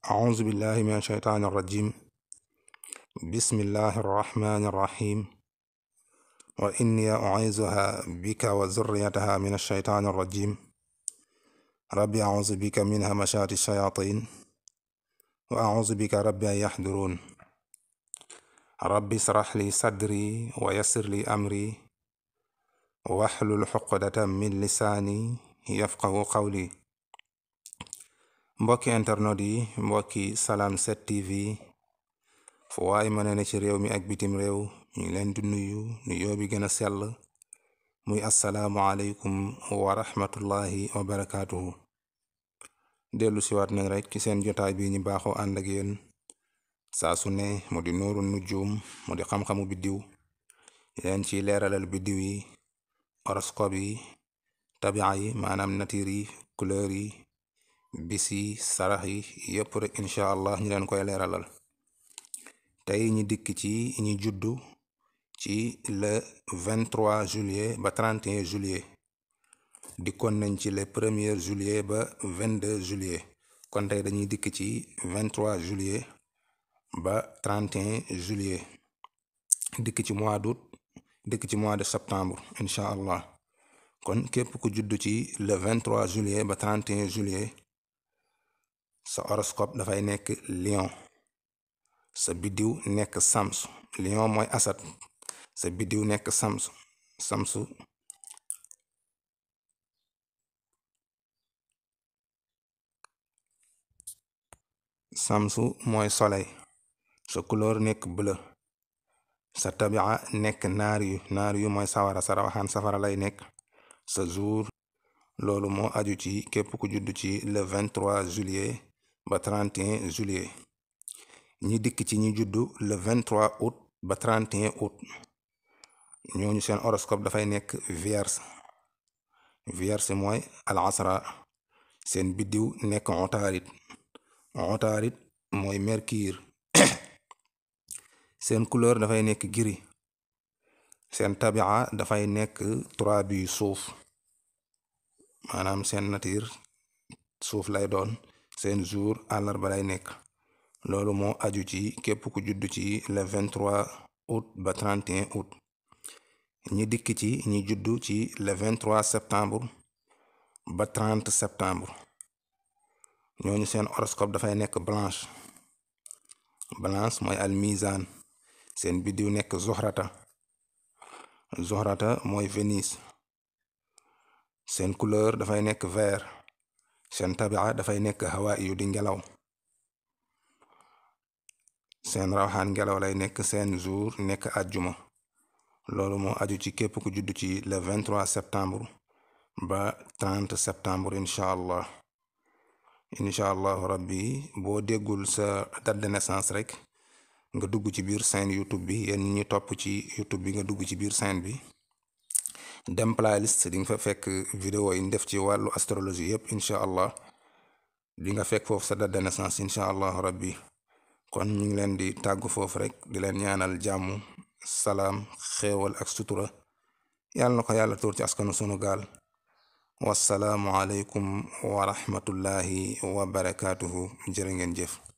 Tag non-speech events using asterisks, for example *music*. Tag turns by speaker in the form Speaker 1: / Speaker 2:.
Speaker 1: أعوذ بالله من الشيطان الرجيم بسم الله الرحمن الرحيم وإني أعيذها بك وذريتها من الشيطان الرجيم ربي أعوذ بك من همشات الشياطين وأعوذ بك ربي أن يحضرون ربي اشرح لي صدري ويسر لي أمري واحلل عقدة من لساني يفقه قولي mbokki internet yi mbokki Salam 7 TV yi waay mën a ne ci réew mi ak bitim réew ñu ngi leen di nuyu nuyoo bi gën a sell muy asalaamualeykum wa rahmatullahi wa barakaatuhu dellu siwaat nañ rek ci seen jotaay bi ñu baaxoo ànd ak yéen saa su ne mu di nuuru nujum mu xam-xamu biddiw leen ci leeralal biddiw yi horoscope yi tabia yi maanaam nature yi couleur yi bisi sarax yi yëpp rek allah ñu leen koy leeralal tey ñi dikk ci ñi juddu ci le 23 juillet ba 31 juillet dikkoon nañ ci le 1er juillet ba deux juillet kon tey dañuy dikk ci 23 juillet ba 31 juillet dikk ci mois d'août dikk ci mois de septembre incha allah kon képp ku juddu ci le 23 juillet ba 31 juillet sa horoscope dafay nekk lion sa biddiw nekk samsu lion mooy asat sa biddiw nekk samsu samsu samsu mooy soleil sa couleur nekk bleu sa tabia nekk naar yu naar yu mooy sawara sa rawaxaan safara lay nekk sa jour loolu moo aju ci képp ku judd ci le 23 juillet ba 31 juillet ñi dikk ci ñi juddu le 23 août ba 31 août ñooñu seen horoscope dafay nekk vierge vierge mooy al seen biddiw nekk otaarit otaarit mooy mercure *coughs* seen couleur dafay nekk gris seen tabia dafay nekk trois bi suuf maanaam seen nature suuf lay doon seen jour àllarba lay nekk loolu moo aju ci képp ku juddu ci le vingt 23 août ba 31 août ñi dikk ci ñi juddu ci le 23 septembre ba 30 septembre ñooñu seen horoscope dafay nekk balance balance mooy al mizan seen biddiw nekk zohrata zohrata mooy Vénus seen couleur dafay nekk vert seen tabia dafay nekk xawaa yu di ngelaw seen rawxaan ngelaw lay nekk seen jour nekk àjjuma loolu moo aju ci képp ku judd ci le 23 septembre ba 30 septembre incha allah incha allahu rabbi boo déggul sa date de rek nga dugg ci biir chaîne YouTube bi ñu topp ci YouTube bi nga dugg ci biir chaîne bi dem playlist di nga fa fekk vidéo yi def ci wàllu astrologie yëpp incha allah di nga fekk foofu sa date de naissance incha allah rabbi kon ñu ngi leen di tàggu foofu rek di leen ñaanal jàmm salaam xéewal ak sutura yàlla na ko yàlla tuur ci askanu sunu gaal wasalaamu aleykum wa rahmatullahi wa barakaatuhu jërë ngeen jëf